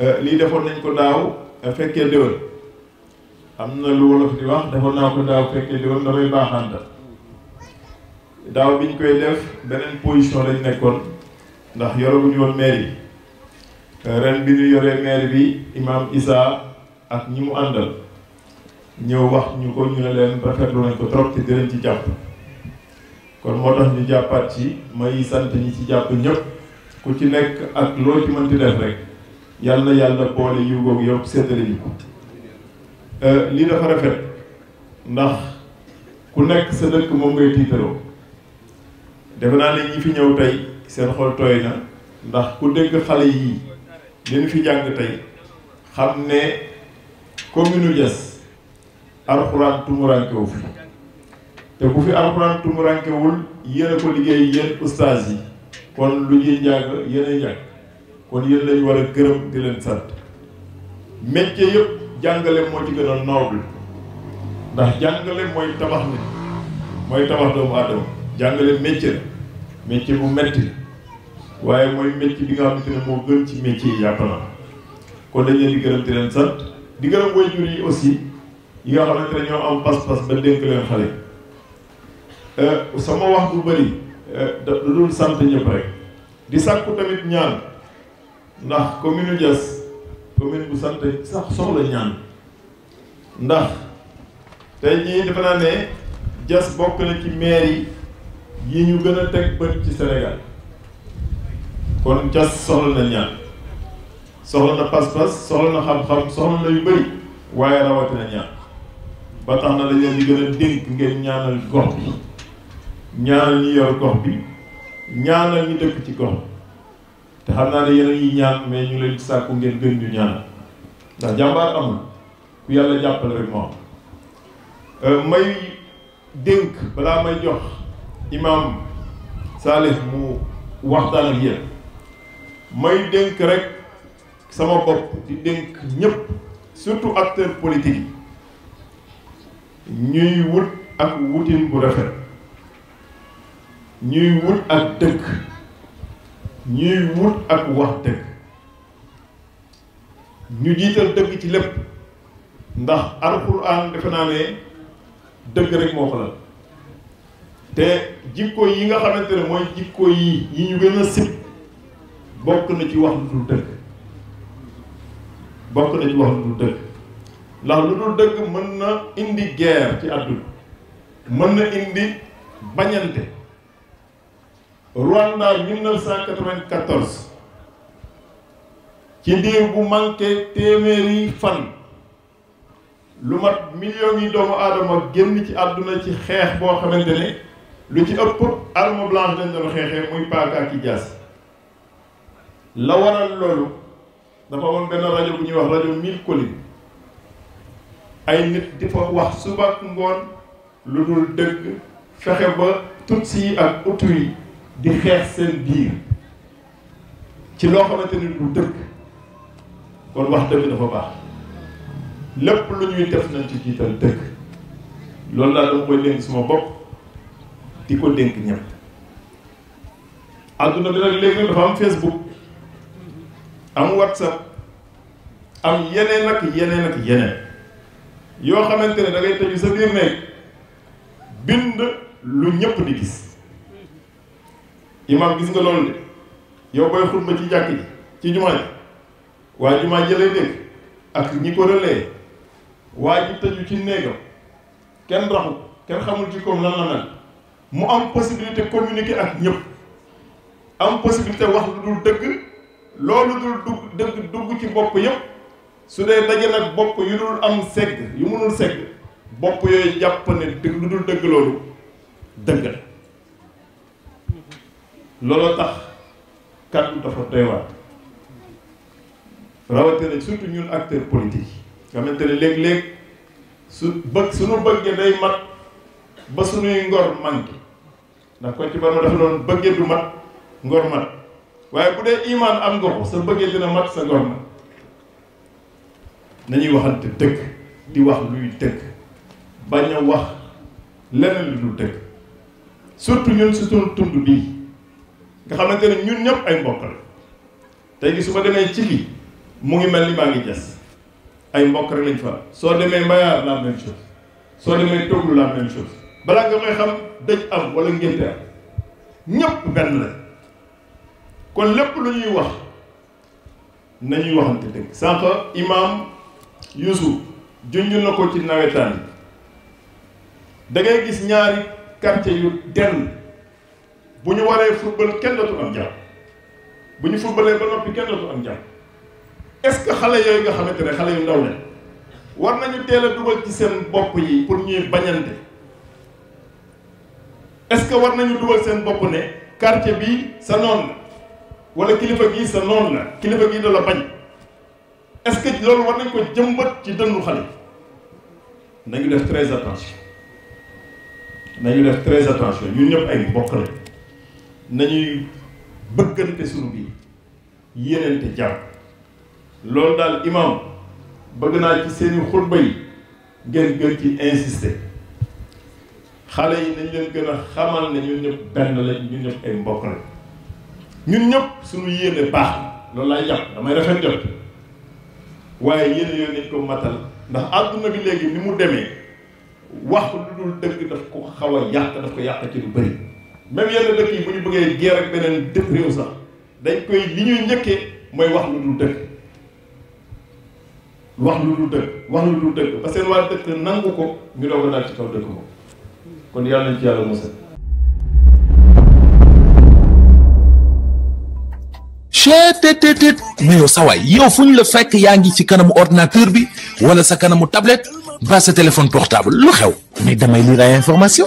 Euh, lii defoon nañ ko daaw euh, fekkee déwén am na lu wolof di wax defoon naa ko daaw fekkee déwén damay baaxanta daaw biñ koy def beneen position lañ nekkoon ndax yore bu mairie euh, ren bi ñu yoree maire bi imam Issa ak ñi mu àndal ñëw wax ñu ko ñu ne leen rafetlu nañ ko trop te dinañ ci jàpp kon moo tax ñu jàppaat ci may sant ñi ci jàpp ñëpp ku ci nekk ak loo ci mënti def rek yàlla na yàlla boole yiw googu yow seddale ñu ko euh, lii dafa rafet ndax ku nekk sa dëkk moom ngay tiitaroo defe naa ne ñi fi ñëw tey seen xol tooy na ndax ku dégg xale yii leen fi jàng tey xam ne commune Diass alxuraan tumuraankewu fi te bu fi alxuraan tumuraankewul yéen ko liggéey yéen ustaas yi kon lu ñuy njàng yéen a kon yéen lañ war a gërëm di leen sant métier yëpp jàngale moo ci gën a ndax jàngale mooy tabax nit mooy tabax doomu aadama jàngale métier la métier bu metti waaye mooy métier bi nga xamante ne moo gën ci métier yi yàpp na kon dañ leen di gërëm di leen sant di gërëm waajur yi aussi yi nga xamante ne ñoo am pas-pas ba dénk leen xale euh, sama wax bu bëri euh, da dul sant ñëpp rek di sàkku tamit ñaan ndax commune Diass commune bu sant sax soxla ñaan ndax te jii dafa naa ne Diass bokk na ci maire yi ñu gën a teg bët ci Sénégal kon Diass soxla na ñaan soxla na pas-pas soxla na xam-xam soxla na yu bëri waaye rawatina ñaan ba tax na dañ leen di gën a dénk ngeen ñaanal gox bi ñaanal ñu yor gox ñaanal ñu dëkk ci gox te xam naa ne yéen a ñaan mais ñu leen sàkku ngeen gën ñu ñaan ndax jàmbaar amul ku yàlla jàppale rek moo euh, may dénk balaa may jox imaam Salif mu waxtaan ak may dénk rek sama bopp di dénk ñëpp surtout acteurs politiques yi ñuy wut ak wutin bu rafet ñuy wut ak dëkk ñuy wut ak wax dëgg ñu jiital dëgg ci lépp ndax alxuraan defe naa ne dëgg rek moo ko te jikko yi nga xamante ne mooy jikko yi yi ñu gën a sib bokk na ci wax lu dul dëgg bokk na ci wax lu dul dëgg ndax lu dul dëgg mën na indi guerre ci àdduna mën na indi bañante Rwanda 1994 ci diir bu manqué téeméeri fan lu mat millions yi doomu aadama génn ci àdduna ci xeex boo xamante ne lu ci ëpp arme blanche lañ doon xeexee muy paaka ak jaas la waral loolu dafa woon benn rajo bu ñuy wax rajo Mille Collines ay nit di fa wax suba ngoon lu dul dëgg fexe ba tutsi yi ak utu yi. di xeex seen biir ci loo xamante ni lu dëkk kon wax dëgg dafa baax lépp lu ñuy def nañ ci jiital dëkk loolu laa dama koy dénk suma bopp di ko dénk ñëpp àdduna bi nag léegi dafa am Facebook am WhatsApp am yeneen ak yeneen ak yeneen yoo xamante ne da ngay tëju sa biir néeg bind lu ñëpp di gis imaam gis nga loolu de yow booy xutba ci jàkk ji ci jumaa ji waa jumaa ji lay dégg ak ñi ko relee waa ji tëju ci néegam kenn raxu kenn xamul ci koom lan la mel mu am possibilité communiquer ak ñëpp am possibilité wax lu dul dëgg loolu dul dugg dëgg dugg ci bopp yëpp su dee daje nag bopp yu dul am segg yu mënul segg bopp yooyu jàpp ne dëgg lu dul dëgg loolu dëgg looloo tax kàddu dafa doy waar rawatina surtout ñun acteur politique nga xamante léeg-léeg su bëgg suñu bëggee day mat ba suñuy ngor manqué ndax ko ci barma dafa doon bëggee du mat ngor mat waaye bu dee imaan am nga ko sa bëggee dina mat sa ngor mat nañuy waxante dëkk di wax luy dëkk bañ a wax leneen lu dul dëkk surtout ñun si suñu tund bii nga xamante ne ñun ñëpp ay mbokk la tey su ma demee ci li mu ngi mel ni maa ngi jas ay mbokk rek lañ fa soo demee mbayaar la même chose soo demee toglu la même chose balaa nga may xam dëj am wala ngénte am ñëpp benn la kon lépp lu ñuy wax nañuy waxante dëgg sànq imaam Yuusu junjul na ko ci nawetaan da ngay gis ñaari quartier yu denn bu ñu waree football kenn dootul am jàmm bu ñu footballee ba noppi kenn dootul am jàmm est-ce que xale yooyu nga xamante ne xale yu ndaw la war nañu teel a dugal ci seen bopp yi pour ñuy bañante est-ce que war nañu dugal seen bopp ne quartier bi sa noon la wala kilifa gii sa noon la kilifa gii da la bañ est-ce loolu war nañ ko jëmbat ci dëndu xale nañu def très attention nañu def très attention ñun ñëpp ay mbokk la nañuy bëggante sunu bi yénente jàmm loolu daal imam bëgg naa ci seeni xutba yi ngeen gën ci insister xale yi nañ leen gën a xamal ne ñun ñëpp benn lañ ñëpp ay mbokk ñun ñëpp suñu yéene baax loolu laay jàpp damay rafet jot waaye yéene yooyu nañ ko matal ndax àdduna bi léegi ni mu demee wax lu dul dëgg daf ko xaw a yàq daf ko yàq ci lu bëri même bëggee guerre ak beneen dëkk réew sax dañ koy li ñuy ko ñu kon yàlla nañ ci yàlla musal sawaay yow fu ñu la fekk yaa ngi ci kanamu ordinateur bi wala sa kanamu tablette ba sa téléphone portable lu xew mais damay lire ay information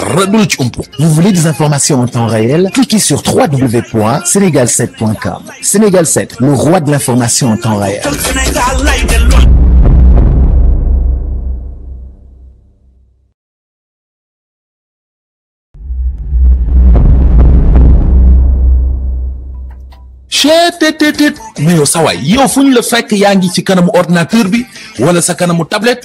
dara du la ci ump vous voulez des informations en temps réel cliquez sur www.senegal7.com Sénégal le roi de l'information en temps réel cheetetetet mais yow sawaay yow fu ñu la fekk yaa ngi ci kanamu ordinateur bi wala sa kanamu tablette